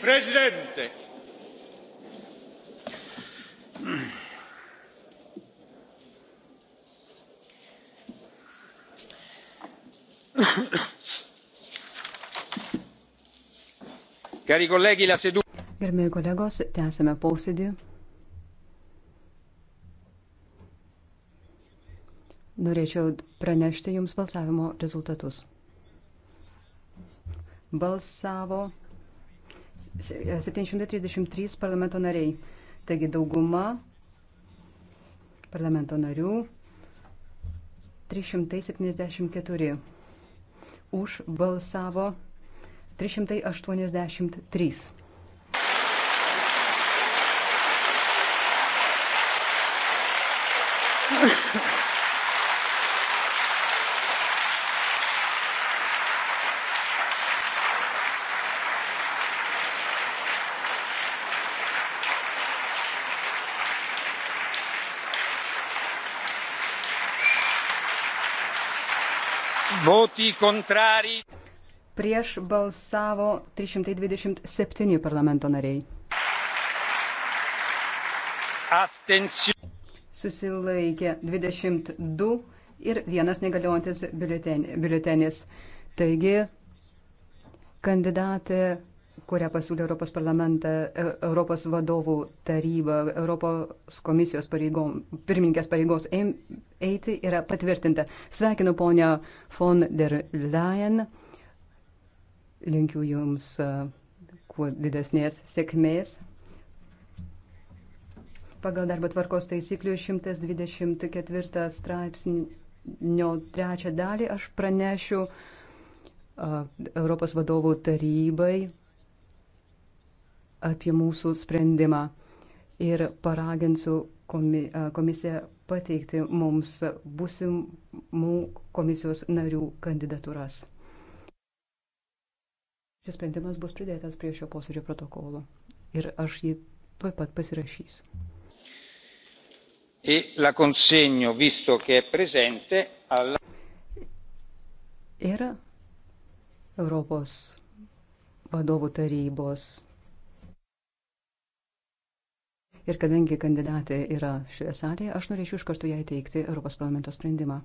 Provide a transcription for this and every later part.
presidente cari colleghi la seduta. gerbiami kolegos tęsiame posėdį. Norėčiau pranešti Jums balsavimo rezultatus. Balsavo 733 parlamento nariai. Taigi dauguma parlamento narių 374 už balsavo 383. voti contrari. Prieš balsavo 327 parlamento nariai. Astencijų. Susilaikė 22 ir vienas negaliojantis biuletenis. Taigi, kandidatė kurią pasiūlė Europos parlamentą, e, Europos vadovų taryba, Europos komisijos pareigom, pirmininkės pareigos eiti, yra patvirtinta. Sveikinu ponę von der Leyen. Linkiu Jums e, kuo didesnės sėkmės. Pagal darbo tvarkos taisyklių 124 straipsnio trečią dalį aš pranešiu e, Europos vadovų tarybai apie mūsų sprendimą ir paraginsiu komisiją pateikti mums būsimų komisijos narių kandidatūras. Šis sprendimas bus pridėtas prie šio posėdžio protokolo ir aš jį tuoj pat pasirašysiu. E la consegno, visto che è presente, alla... Ir Europos vadovų tarybos Ir kadangi kandidatė yra šioje salėje, aš norėčiau iš karto jai teikti Europos parlamento sprendimą.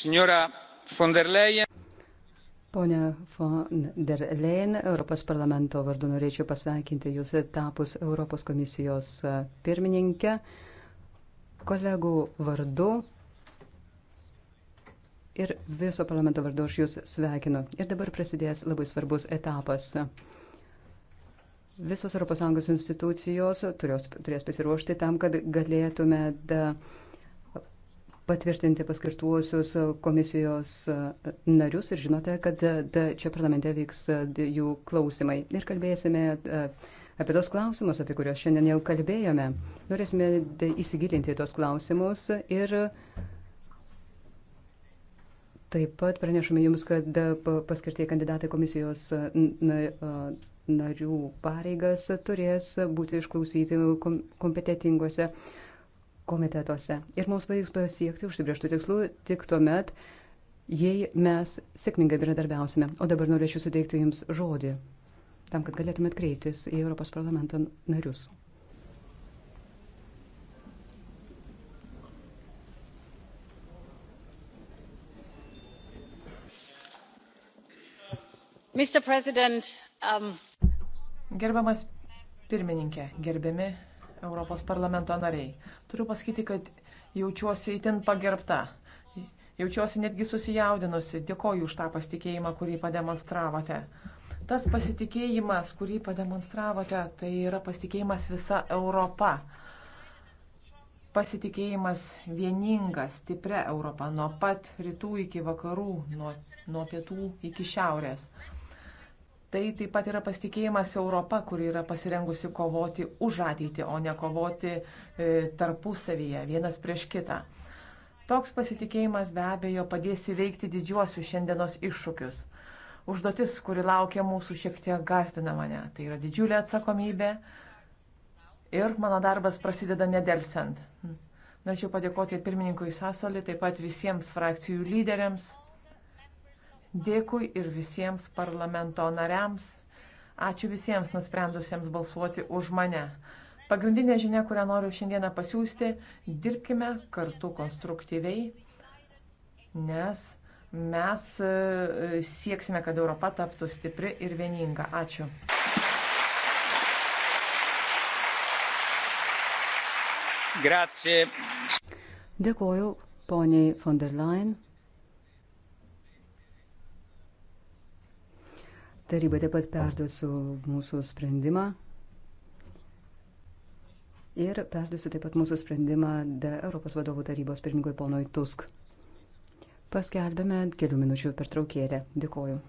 Signora von der Leyen. Pone von der Leyen, Europos parlamento vardu norėčiau pasveikinti Jūs tapus Europos komisijos e, pirmininkę. Kolegų vardu ir viso parlamento vardu aš Jūs sveikinu. Ir dabar prasidės labai svarbus etapas. Visos ES institucijos turės, turės pasiruošti tam, kad galėtume da, uh, patvirtinti paskirtuosius komisijos narius ir žinote, kad čia parlamente vyks jų klausimai. Ir kalbėsime e, apie tos klausimus, apie kuriuos šiandien jau kalbėjome. Norėsime įsigilinti tos klausimus ir taip pat pranešame jums, kad paskirtie kandidatai komisijos e, narių pareigas turės būti išklausyti kompetitinguose komitetuose. Ir mums pavyks pasiekti užsibrieštų tikslų tik tuo met, jei mes sėkmingai bendradarbiausime. O dabar norėčiau suteikti Jums žodį, tam, kad galėtumėt kreiptis į Europos parlamento narius. Um... Gerbiamas pirmininke, gerbiami Europos parlamento nariai. Turiu pasakyti, kad jaučiuosi itin pagerbta. Jaučiuosi netgi susijaudinusi. Dėkoju už tą pasitikėjimą, kurį pademonstravote. Tas pasitikėjimas, kurį pademonstravote, tai yra pasitikėjimas visa Europa. Pasitikėjimas vieninga, stipria Europa, nuo pat rytų iki vakarų, nuo, nuo pietų iki šiaurės. Tai taip pat yra pasitikėjimas Europa, kuri yra pasirengusi kovoti už ateitį, o ne kovoti e, tarpusavyje, vienas prieš kitą. Toks pasitikėjimas be abejo padės įveikti didžiuosius šiandienos iššūkius. Užduotis, kuri laukia mūsų, šiek tiek gazdina mane. Tai yra didžiulė atsakomybė ir mano darbas prasideda nedelsiant. Norėčiau padėkoti pirmininkui Sasolį, taip pat visiems frakcijų lyderiams, Dėkui ir visiems parlamento nariams. Ačiū visiems nusprendusiems balsuoti už mane. Pagrindinė žinia, kurią noriu šiandieną pasiūsti - dirbkime kartu konstruktyviai, nes mes e, sieksime, kad Europa taptų stipri ir vieninga. Ačiū. Grazie. Dėkoju poniai von der Leyen. Taryba taip pat perduosiu mūsų sprendimą ir perduosiu taip pat mūsų sprendimą Europos vadovų tarybos pirmininkui ponui Tusk. Paskelbėme kelių minučių pertraukėlę. Dėkoju.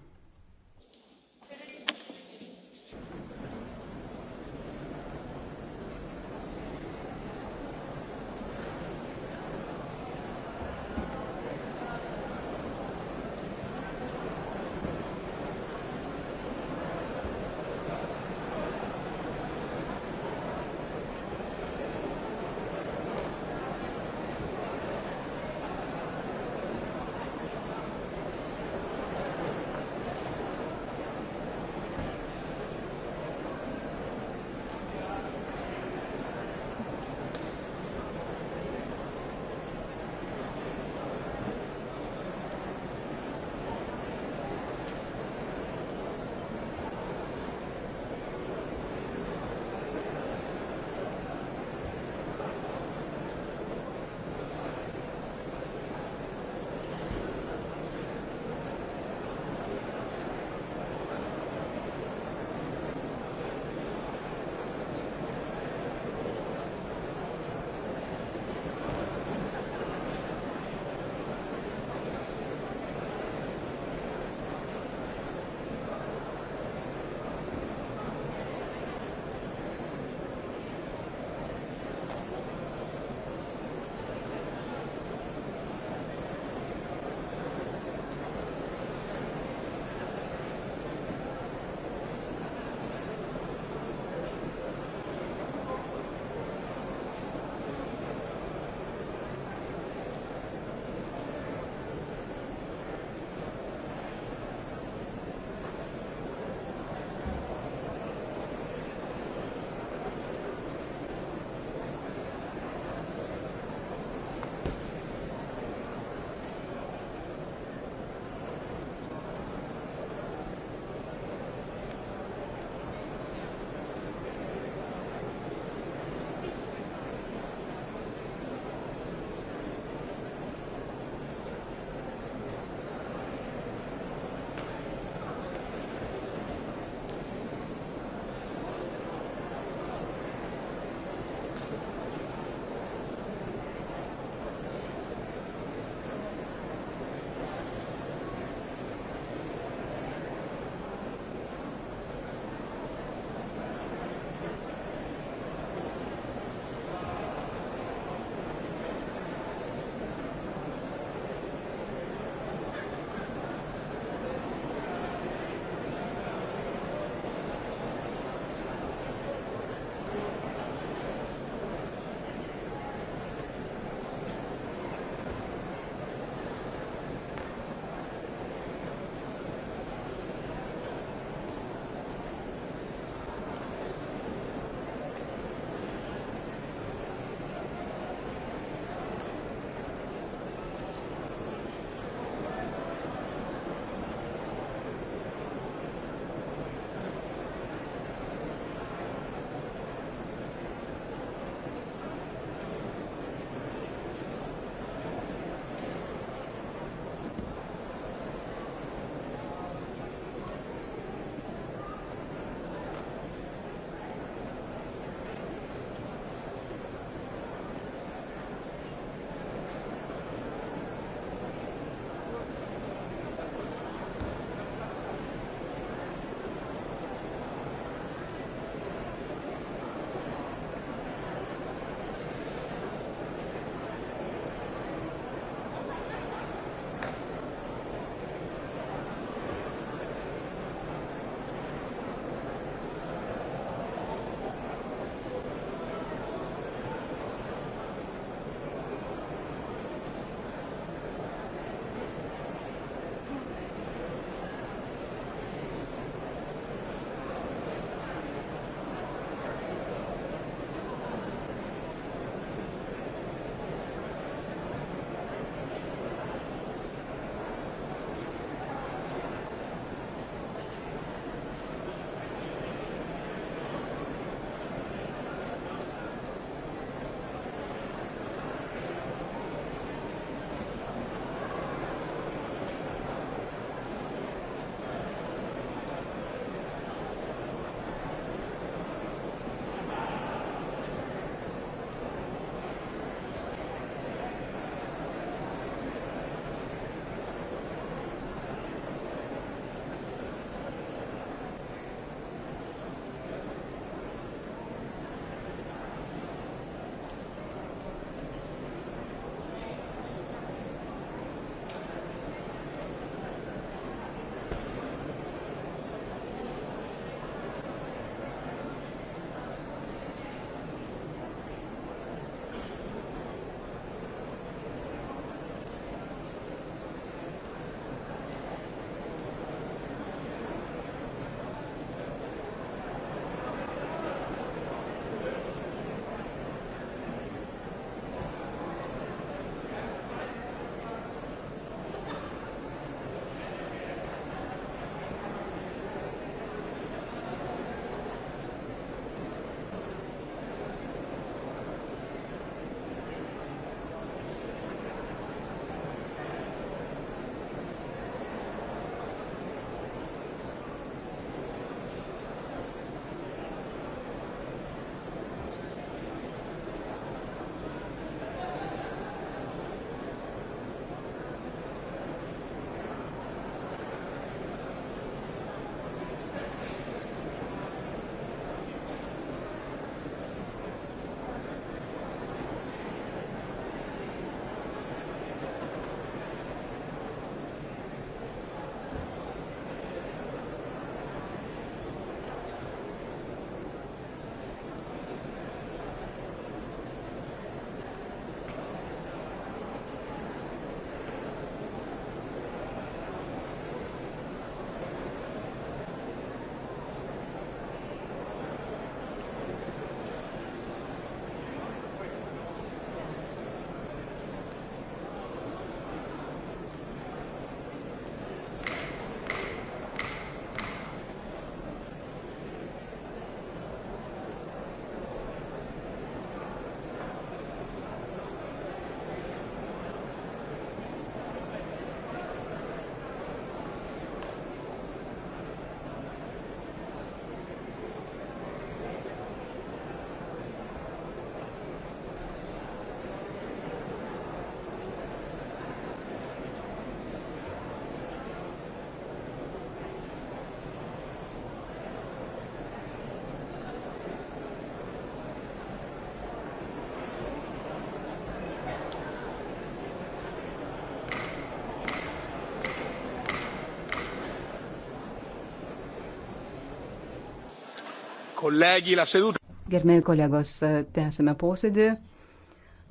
Kolegi, la seduta. Gerbėjai kolegos, e, tęsime posėdį.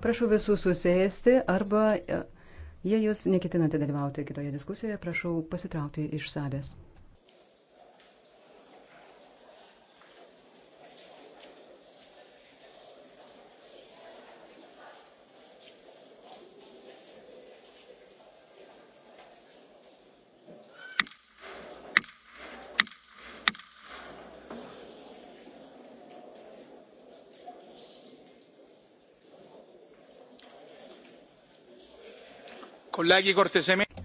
Prašau visus susėsti arba e, jei jūs neketinate dalyvauti kitoje diskusijoje, prašau pasitraukti iš salės.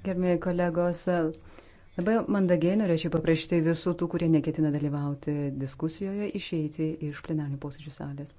Gerbėjai kolegos, labai mandagiai norėčiau paprašyti visų tų, kurie neketina dalyvauti diskusijoje, išeiti iš plenarnių posėdžių salės.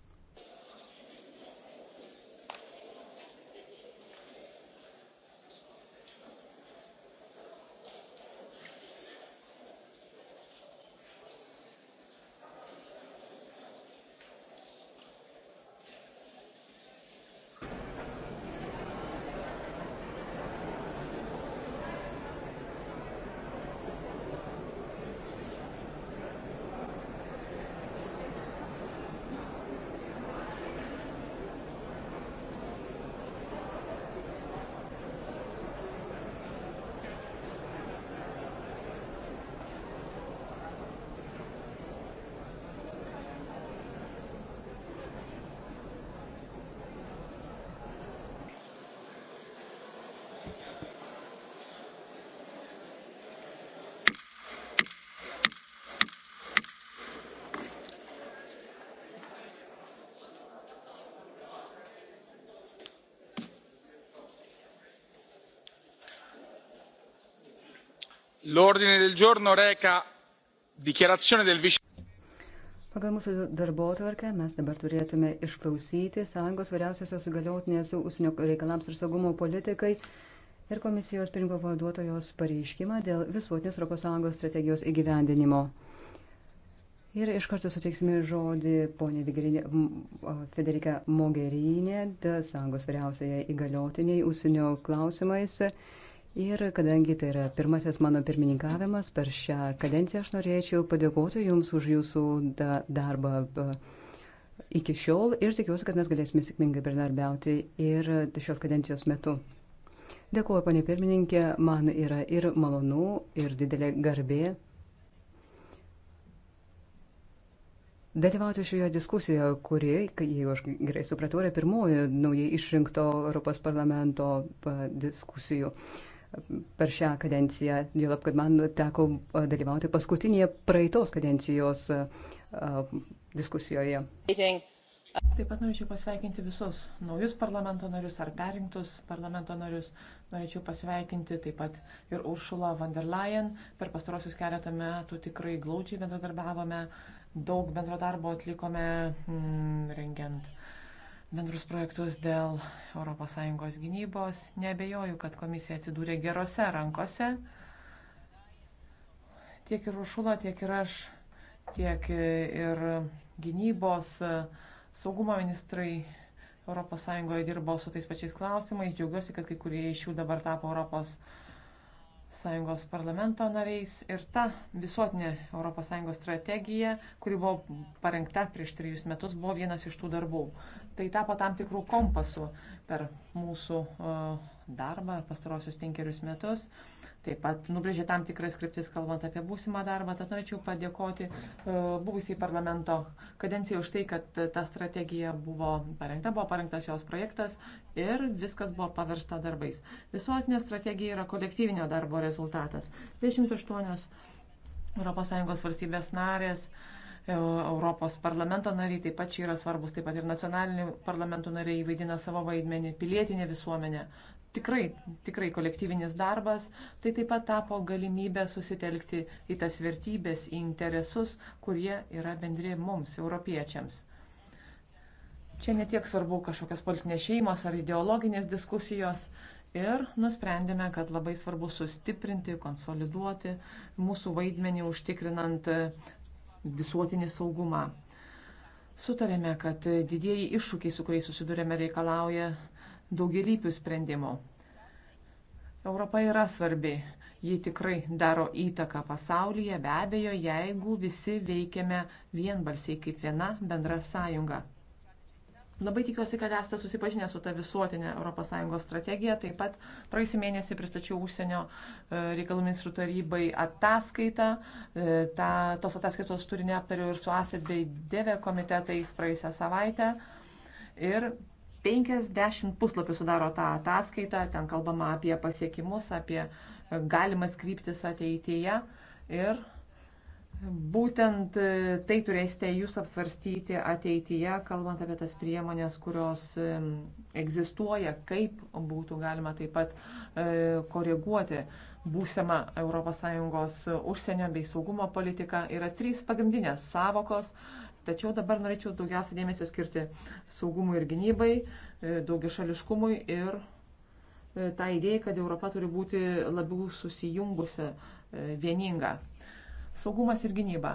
l'ordine del giorno reca dichiarazione del vice. Pagal mūsų darbo tvarkę mes dabar turėtume išklausyti Sąjungos vyriausiosios įgaliotinės užsienio reikalams ir saugumo politikai ir komisijos pirmininko pavaduotojos pareiškimą dėl visuotinės ES strategijos įgyvendinimo. Ir iš karto suteiksime žodį ponė Federika Mogerinė, Sąjungos vyriausioje įgaliotiniai užsienio klausimais. Ir kadangi tai yra pirmasis mano pirmininkavimas per šią kadenciją, aš norėčiau padėkoti Jums už Jūsų da darbą iki šiol ir tikiuosi, kad mes galėsime sėkmingai bendarbiauti ir šios kadencijos metu. Dėkuoju, panė pirmininkė, man yra ir malonu, ir didelė garbė dalyvauti šioje diskusijoje, kuri, jeigu aš gerai supratau, yra pirmoji naujai išrinkto Europos parlamento diskusijų. Uh, per šią kadenciją, dėl kad man teko dalyvauti paskutinėje praeitos kadencijos diskusijoje. Taip pat norėčiau pasveikinti visus naujus parlamento narius ar perrinktus parlamento narius. Norėčiau pasveikinti taip pat ir Uršulą von der Leyen. Per pastarosius keletą metų tikrai glaudžiai bendradarbiavome, daug bendradarbo atlikome mm, rengiant uh, bendrus projektus dėl ES gynybos. Nebejoju, kad komisija atsidūrė gerose rankose. Tiek ir Ušula, tiek ir aš, tiek ir gynybos saugumo ministrai ES dirbo su tais pačiais klausimais. Džiaugiuosi, kad kai kurie iš jų dabar tapo ES Sąjungos parlamento nariais ir ta visuotinė ES strategija, kuri buvo parengta prieš trijus metus, buvo vienas iš tų darbų. Tai tapo tam tikrų kompasų per mūsų uh, darbą pastarosius penkerius metus taip pat nubrėžė tam tikras skriptis, kalbant apie būsimą darbą. Tad norėčiau padėkoti e, buvusiai parlamento kadencijai už tai, kad ta strategija buvo parengta, buvo parengtas jos projektas ir viskas buvo paversta darbais. Visuotinė strategija yra kolektyvinio darbo rezultatas. 28 ES valstybės narės. E, Europos parlamento nariai taip pat čia yra svarbus, taip pat ir nacionalinių parlamentų nariai vaidina savo vaidmenį, pilietinė visuomenė tikrai, tikrai kolektyvinis darbas, tai taip pat tapo galimybė susitelkti į tas vertybės, į interesus, kurie yra bendri mums, europiečiams. Čia netiek svarbu kažkokios politinės šeimos ar ideologinės diskusijos ir nusprendėme, kad labai svarbu sustiprinti, konsoliduoti mūsų vaidmenį užtikrinant e, visuotinį saugumą. Sutarėme, kad didieji iššūkiai, su kuriais susidurėme, reikalauja daugelypių sprendimų. Europa yra svarbi. Ji tikrai daro įtaką pasaulyje, be abejo, jeigu visi veikiame vienbalsiai kaip viena bendra sąjunga. Labai tikiuosi, kad esate susipažinę su ta visuotinė ES strategija. Taip pat praeisį mėnesį pristačiau užsienio e, reikalų ministrų tarybai ataskaitą. E, ta, tos ataskaitos turinį aptariau ir su AFED bei DEVE komitetais praeisę savaitę. Ir 50 puslapių sudaro tą ataskaitą, ten kalbama apie pasiekimus, apie galimas kryptis ateityje. Ir būtent e, tai turėsite jūs apsvarstyti ateityje, kalbant apie tas priemonės, kurios egzistuoja, kaip būtų galima taip pat e, koreguoti būsimą ES užsienio bei saugumo politiką. Yra trys pagrindinės savokos Tačiau dabar norėčiau daugiausia dėmesio skirti saugumui ir gynybai, e, daugiašališkumui ir e, tą idėją, kad Europa turi būti labiau susijungusi, e, vieninga. Saugumas ir gynyba.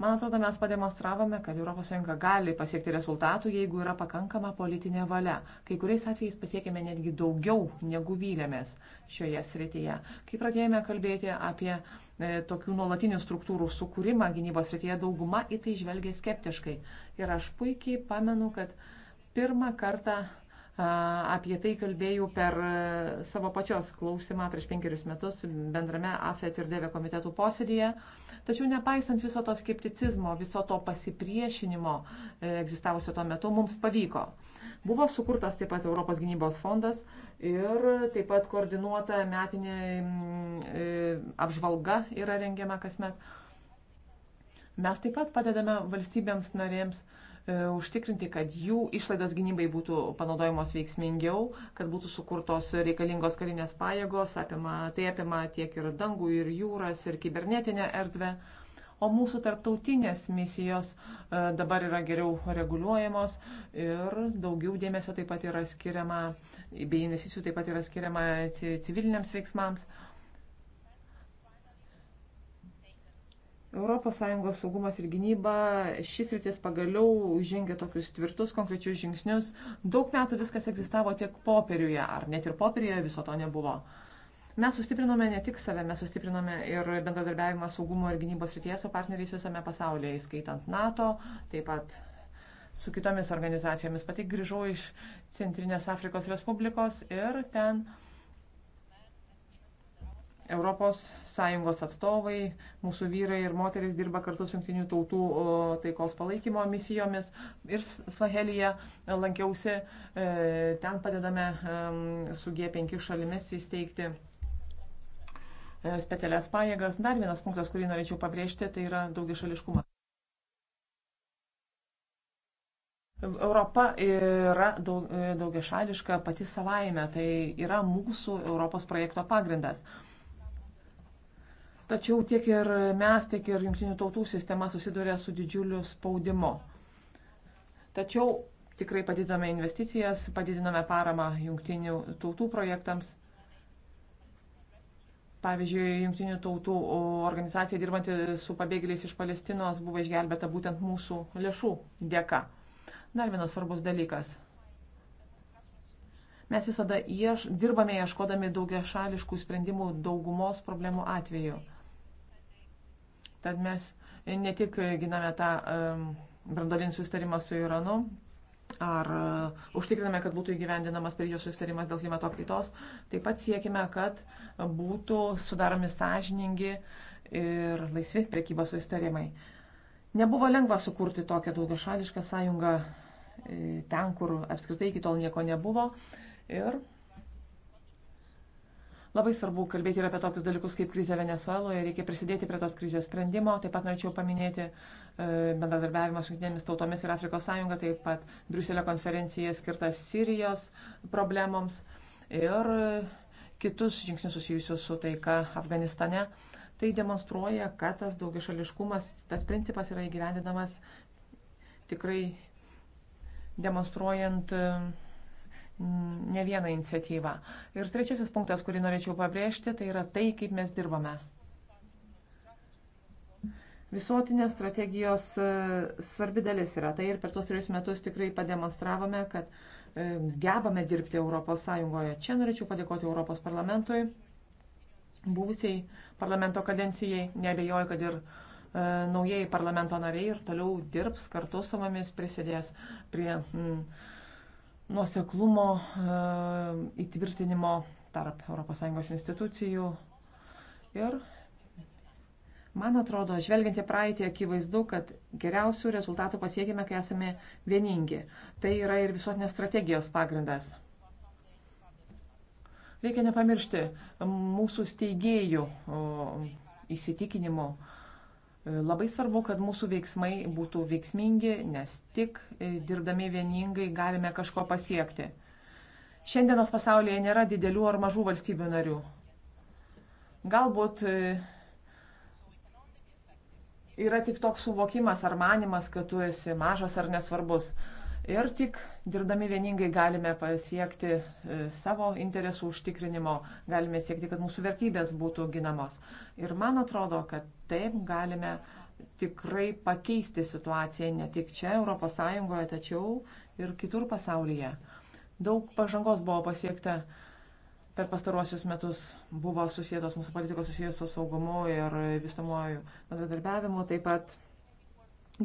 Man atrodo, mes pademonstravome, kad ES gali pasiekti rezultatų, jeigu yra pakankama politinė valia. Kai kuriais atvejais pasiekėme netgi daugiau, negu vylėmės šioje srityje. Kai pradėjome kalbėti apie E, tokių nuolatinių struktūrų sukūrimą gynybos srityje dauguma į tai žvelgia skeptiškai. Ir aš puikiai pamenu, kad pirmą kartą apie tai kalbėjau per e, savo pačios klausimą prieš penkerius metus bendrame AFET ir DEVE komitetų posėdėje. Tačiau nepaisant viso to skepticizmo, viso to pasipriešinimo e, egzistavusio tuo metu, mums pavyko. Buvo sukurtas taip pat Europos gynybos fondas, Ir taip pat koordinuota metinė mm, e, apžvalga yra rengiama kasmet. Mes taip pat padedame valstybėms narėms e, užtikrinti, kad jų išlaidos gynybai būtų panaudojamos veiksmingiau, kad būtų sukurtos reikalingos karinės pajėgos, apima, tai apima tiek ir dangų, ir jūras, ir kibernetinę erdvę. Uh, o mūsų tarptautinės misijos e, dabar yra geriau reguliuojamos ir daugiau dėmesio taip pat yra skiriama, bei investicijų taip pat yra skiriama civiliniams veiksmams. ES saugumas ir gynyba šis rytis pagaliau žengia tokius tvirtus, konkrečius žingsnius. Daug metų viskas egzistavo tiek popieriuje, ar net ir popieriuje viso to nebuvo. Mes sustiprinome ne tik save, mes sustiprinome ir bendradarbiavimą saugumo ir gynybos rytyje su partneriais visame pasaulyje, įskaitant NATO, taip pat su kitomis organizacijomis. Pati grįžau iš Centrinės Afrikos Respublikos ir ten ES atstovai, mūsų vyrai ir moteris dirba kartu su Junktinių tautų taikos palaikymo misijomis ir Slahelyje lankiausi, e, ten padedame su G5 šalimis įsteigti E, specialias pajėgas. Dar vienas punktas, kurį norėčiau pabrėžti, tai yra daugišališkumas. Europa yra daug, e, daugiašališka pati savaime, tai yra mūsų Europos projekto pagrindas. Tačiau tiek ir mes, tiek ir jungtinių tautų sistema susiduria su didžiuliu spaudimu. Tačiau tikrai padidinome investicijas, padidinome paramą jungtinių tautų projektams. Pavyzdžiui, Junktinių tautų organizacija dirbanti su pabėgėliais iš Palestinos buvo išgelbėta būtent mūsų lėšų dėka. Dar vienas svarbus dalykas. Mes visada ieš, dirbame ieškodami daugia šališkų sprendimų daugumos problemų atveju. Tad mes ne tik giname tą um, brandolinį sustarimą su Iranu, ar e, užtikriname, kad būtų įgyvendinamas Paryžiaus sustarimas dėl klimato kaitos. Taip pat siekime, kad būtų sudaromi sąžiningi ir laisvi prekybos sustarimai. Nebuvo lengva sukurti tokią daugiašališką sąjungą e, ten, kur apskritai iki tol nieko nebuvo. Ir labai svarbu kalbėti ir apie tokius dalykus kaip krizė Venezueloje, reikia prisidėti prie tos krizės sprendimo. Taip pat norėčiau paminėti E, bendradarbiavimas su jungtinėmis tautomis ir Afrikos sąjunga, taip pat Briuselio konferencija skirta Sirijos problemoms ir kitus žingsnius susijusius su taika Afganistane. Tai demonstruoja, kad tas daugiašališkumas, tas principas yra įgyvendinamas tikrai demonstruojant e, ne vieną iniciatyvą. Ir trečiasis punktas, kurį norėčiau pabrėžti, tai yra tai, kaip mes dirbame. Visuotinės strategijos e, svarbi dalis yra tai ir per tuos trejus metus tikrai pademonstravome, kad e, gebame dirbti ES. Čia norėčiau padėkoti Europos parlamentui, buvusiai parlamento kadencijai, nebejoju, kad ir e, naujieji parlamento nariai ir toliau dirbs kartu su mumis, prisidės prie mm, nuoseklumo e, įtvirtinimo tarp ES institucijų ir Man atrodo, žvelgiant į praeitį, akivaizdu, kad geriausių rezultatų pasiekime, kai esame vieningi. Tai yra ir visuotinės strategijos pagrindas. Reikia nepamiršti mūsų steigėjų įsitikinimų. Labai svarbu, kad mūsų veiksmai būtų veiksmingi, nes tik e, dirbdami vieningai galime kažko pasiekti. Šiandienos pasaulyje nėra didelių ar mažų valstybių narių. Galbūt e, yra tik toks suvokimas ar manimas, kad tu esi mažas ar nesvarbus. Ir tik dirbdami vieningai galime pasiekti e, savo interesų užtikrinimo, galime siekti, kad mūsų vertybės būtų ginamos. Ir man atrodo, kad taip galime tikrai pakeisti situaciją ne tik čia, ES, tačiau ir kitur pasaulyje. Daug pažangos buvo pasiekta per pastaruosius metus buvo susijęs mūsų politikos susijęs su saugumu ir vystamuoju bendradarbiavimu, taip pat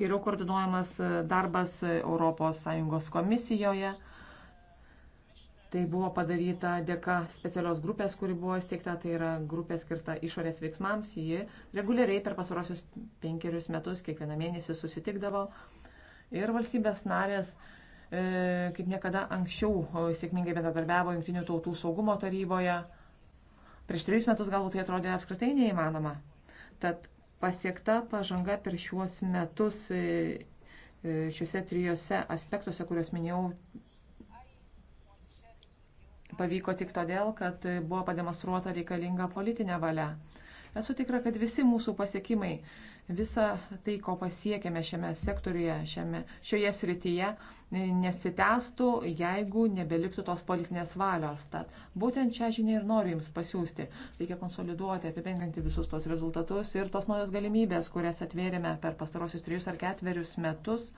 geriau koordinuojamas darbas ES komisijoje. Tai buvo padaryta dėka specialios grupės, kuri buvo įsteigta, tai yra grupė skirta išorės veiksmams. Ji reguliariai per pasarosius penkerius metus kiekvieną mėnesį susitikdavo ir valstybės narės E, kaip niekada anksčiau sėkmingai bendradarbiavo Junktinių tautų saugumo taryboje. Prieš trejus metus galbūt tai atrodė apskritai neįmanoma. Tad pasiekta pažanga per šiuos metus e, e, šiuose trijose aspektuose, kuriuos minėjau, pavyko tik todėl, kad buvo pademonstruota reikalinga politinė valia. Esu tikra, kad visi mūsų pasiekimai, visa tai, ko pasiekėme šiame sektoriuje, šiame, šioje srityje, nesitęstų, jeigu nebeliktų tos politinės valios. Tad būtent šią žinią ir noriu Jums pasiūsti. Reikia konsoliduoti, apibendrinti visus tos rezultatus ir tos naujos galimybės, kurias atvėrėme per pastarosius trejus ar ketverius metus,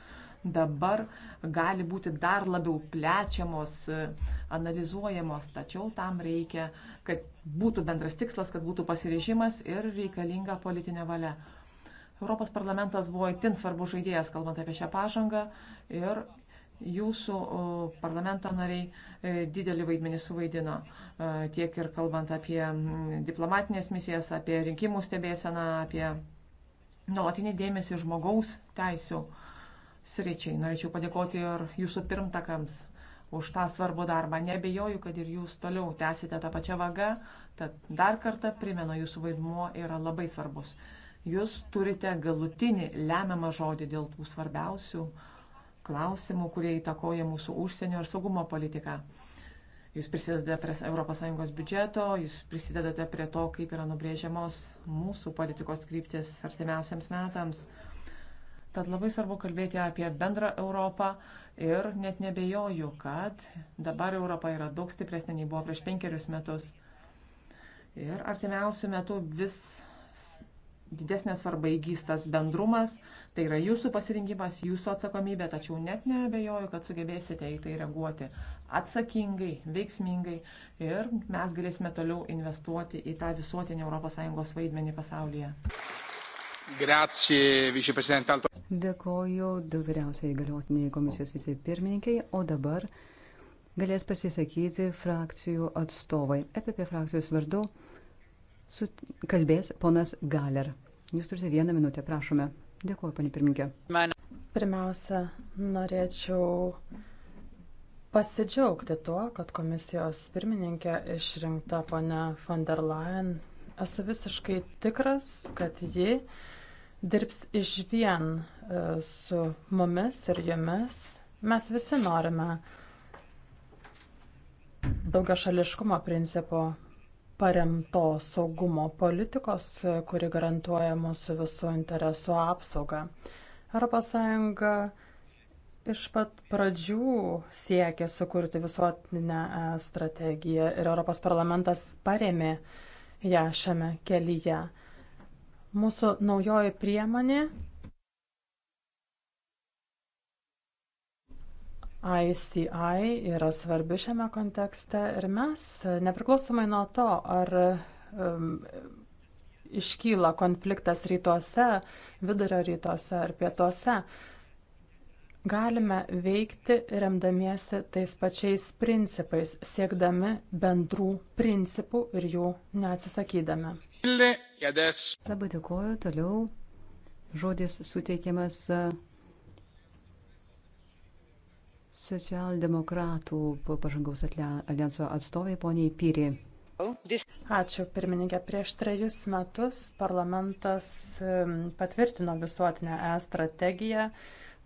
dabar gali būti dar labiau plečiamos, analizuojamos. Tačiau tam reikia, kad būtų bendras tikslas, kad būtų pasirežimas ir reikalinga politinė valia. Europos parlamentas buvo itin svarbus žaidėjas, kalbant apie šią pažangą ir jūsų parlamento nariai e, didelį vaidmenį suvaidino, e, tiek ir kalbant apie diplomatinės misijas, apie rinkimų stebėseną, apie nuolatinį dėmesį žmogaus teisų sričiai. Norėčiau padėkoti ir jūsų pirmtakams už tą svarbų darbą. Nebejoju, kad ir jūs toliau tęsite tą pačią vagą, tad dar kartą primenu, jūsų vaidmuo yra labai svarbus. Jūs turite galutinį lemiamą žodį dėl tų svarbiausių uh, klausimų, kurie įtakoja mūsų užsienio ir saugumo politiką. Jūs prisidedate prie ES biudžeto, jūs prisidedate prie to, kaip yra nubrėžiamos mūsų politikos kryptis artimiausiams metams. Tad labai svarbu kalbėti apie bendrą Europą ir net nebejoju, kad dabar Europa yra daug stipresnė nei buvo prieš penkerius metus. Ir artimiausių metų vis didesnė svarba įgys tas bendrumas, tai yra jūsų pasirinkimas, jūsų atsakomybė, tačiau net nebejoju, kad sugebėsite į tai reaguoti atsakingai, veiksmingai ir mes galėsime toliau investuoti į tą visuotinį ES vaidmenį pasaulyje. Grazie, viceprezidentė Alto. Dėkoju du vyriausiai galiotiniai komisijos vicepirmininkai, o dabar galės pasisakyti frakcijų atstovai. EPP frakcijos vardu Su, kalbės ponas Galer. Jūs turite vieną minutę, prašome. Dėkuoju, panė pirmininkė. Pirmiausia, norėčiau pasidžiaugti tuo, kad komisijos pirmininkė išrinkta ponė von der Leyen. Esu visiškai tikras, kad ji dirbs iš vien e, su mumis ir jumis. Mes visi norime daugia šališkumo principo paremtos saugumo politikos, kuri garantuoja mūsų visų interesų apsaugą. ES iš pat pradžių siekė sukurti visuotinę e, strategiją ir Europos parlamentas paremė ją šiame kelyje. Mūsų naujoji priemonė ICI yra svarbi šiame kontekste ir mes, nepriklausomai nuo to, ar um, iškyla konfliktas rytuose, vidurio rytuose ar pietuose, galime veikti remdamiesi tais pačiais principais, siekdami bendrų principų ir jų neatsisakydami. Labai dėkuoju, toliau žodis suteikiamas Socialdemokratų pažangaus alijanso atstovai poniai Pyri. Ačiū, pirmininkė. Prieš trejus metus parlamentas patvirtino visuotinę E strategiją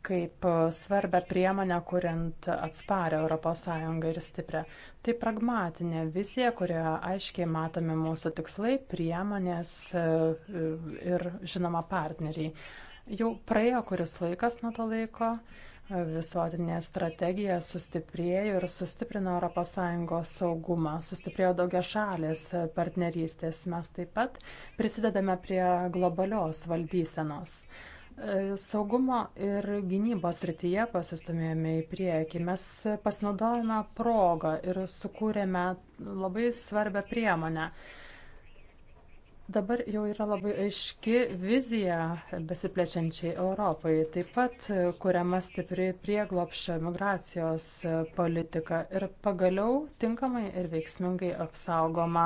kaip svarbę priemonę, kuriant atsparę ES ir stiprią. Tai pragmatinė vizija, kurioje aiškiai matomi mūsų tikslai, priemonės e, ir, žinoma, partneriai. Jau praėjo kuris laikas nuo to laiko visuotinė strategija sustiprėjo ir sustiprino ES saugumą, sustiprėjo daugia šalės partnerystės. Mes taip pat prisidedame prie globalios valdysenos. E, saugumo ir gynybos rytyje pasistumėjome į priekį. Mes pasinaudojame progą ir sukūrėme labai svarbią priemonę. Dabar jau yra labai aiški vizija besiplečiančiai Europai. Taip pat e, kuriama stipri prieglopščio migracijos e, politika ir pagaliau tinkamai ir veiksmingai apsaugoma,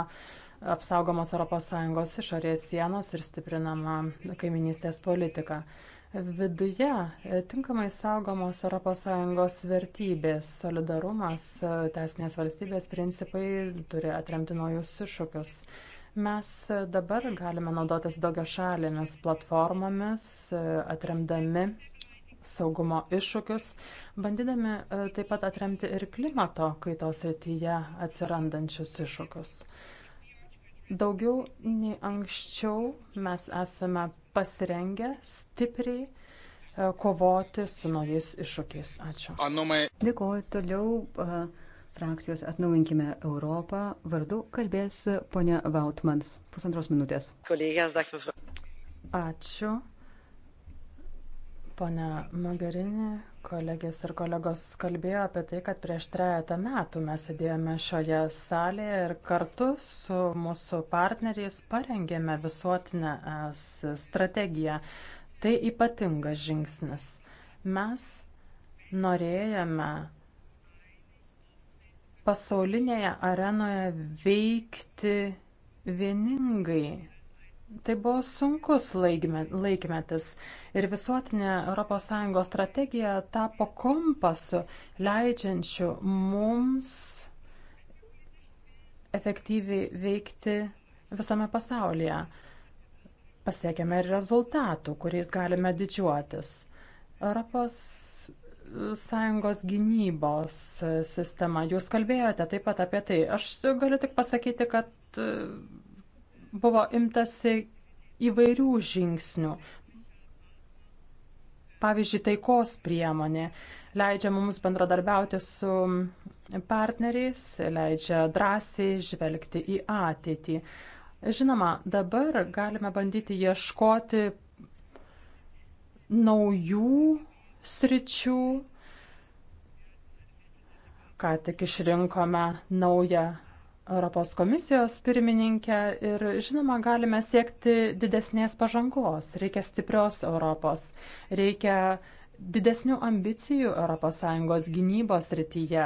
apsaugomos ES išorės sienos ir stiprinama kaiminystės politika. Viduje e, tinkamai saugomos ES vertybės, solidarumas, teisinės valstybės principai turi atremti naujus iššūkius. Mes dabar galime naudotis daugia šalėmis platformomis, atremdami saugumo iššūkius, bandydami e, taip pat atremti ir klimato kaitos rytyje atsirandančius iššūkius. Daugiau nei anksčiau mes esame pasirengę stipriai e, kovoti su naujais iššūkiais. Ačiū. Dėkuoju toliau. Uh frakcijos Atnaujinkime Europą vardu kalbės ponia Vautmans. Pusantros minutės. Ačiū. Pone Magarinė, kolegės ir kolegos kalbėjo apie tai, kad prieš trejata metų mes sėdėjome šioje salėje ir kartu su mūsų partneriais parengėme visuotinę strategiją. Tai ypatingas žingsnis. Mes norėjome pasaulinėje arenoje veikti vieningai. Tai buvo sunkus laikmetis ir visuotinė ES strategija tapo kompasu, leidžiančiu mums efektyviai veikti visame pasaulyje. Pasiekėme ir rezultatų, kuriais galime didžiuotis. Europos sąjungos gynybos sistema. Jūs kalbėjote taip pat apie tai. Aš galiu tik pasakyti, kad e, buvo imtasi įvairių žingsnių. Pavyzdžiui, taikos priemonė leidžia mums bendradarbiauti su partneriais, leidžia drąsiai žvelgti į ateitį. Žinoma, dabar galime bandyti ieškoti naujų sričių. Ką tik išrinkome naują Europos komisijos pirmininkę ir, žinoma, galime siekti didesnės pažangos. Reikia stiprios Europos, reikia didesnių ambicijų ES gynybos rytyje,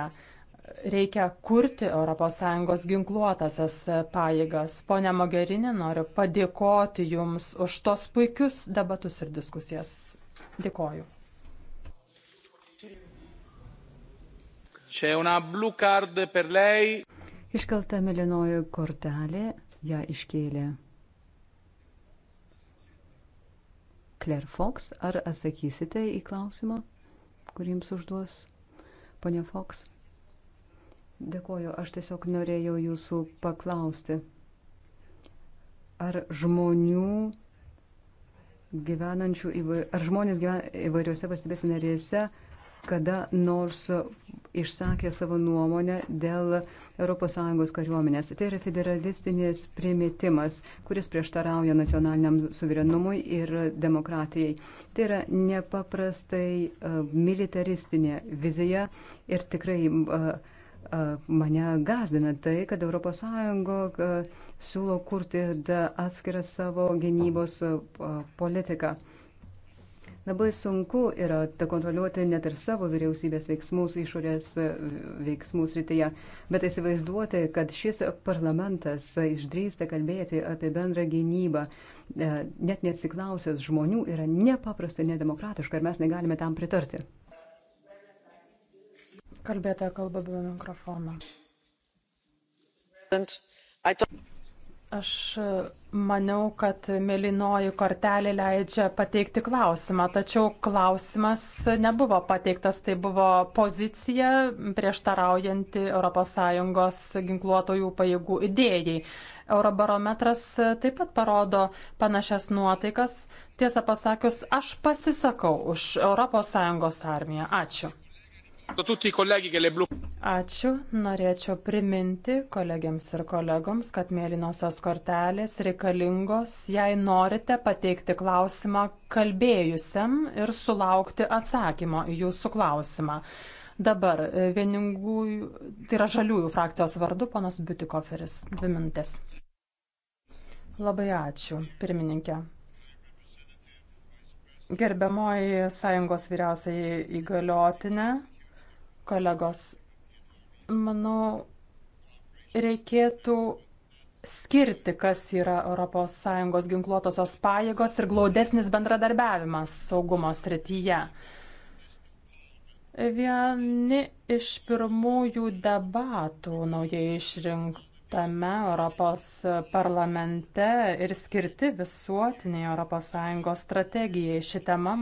reikia kurti ES ginkluotasias pajėgas. Pone Mogherini, noriu padėkoti Jums už tos puikius debatus ir diskusijas. Dėkoju. C'è una blue card per lei. Iškelta melinoji kortelė, ją iškėlė. Claire Fox, ar atsakysite į klausimą, kurį jums užduos ponia Fox? Dėkoju, aš tiesiog norėjau jūsų paklausti, ar žmonių gyvenančių, įva... ar žmonės gyven... įvairiose valstybės narėse kada nors išsakė savo nuomonę dėl ES kariuomenės. Tai yra federalistinis primetimas, kuris prieštarauja nacionaliniam suverenumui ir demokratijai. Tai yra nepaprastai uh, militaristinė vizija ir tikrai uh, mane gazdina tai, kad ES siūlo kurti atskirą savo gynybos politiką. Labai sunku yra kontroliuoti net ir savo vyriausybės veiksmus, išorės e, veiksmus rytyje, bet įsivaizduoti, kad šis parlamentas išdrįsta kalbėti apie bendrą gynybą, e, net nesiklausęs žmonių, yra nepaprastai nedemokratiška ir mes negalime tam pritarti. Kalbėtoja kalba be mikrofono. Aš Maniau, kad mėlynoji kortelė leidžia pateikti klausimą, tačiau klausimas nebuvo pateiktas, tai buvo pozicija prieštaraujanti ES ginkluotojų pajėgų idėjai. Eurobarometras taip pat parodo panašias nuotaikas. Tiesą pasakius, aš pasisakau už ES armiją. Ačiū. Ačiū. Norėčiau priminti kolegiams ir kolegoms, kad mėlynosios kortelės reikalingos, jei norite pateikti klausimą kalbėjusiam ir sulaukti atsakymo į jūsų klausimą. Dabar e, vieningųjų, tai yra žaliųjų frakcijos vardu, ponas Butikoferis. Dvi minutės. Labai ačiū, pirmininkė. Gerbiamoji sąjungos vyriausiai įgaliotinė, kolegos, manau, reikėtų skirti, kas yra ES ginkluotosios pajėgos ir glaudesnis bendradarbiavimas saugumo srityje. Vieni iš pirmųjų debatų naujai išrinktame Europos parlamente ir skirti visuotiniai ES strategijai. Ši tema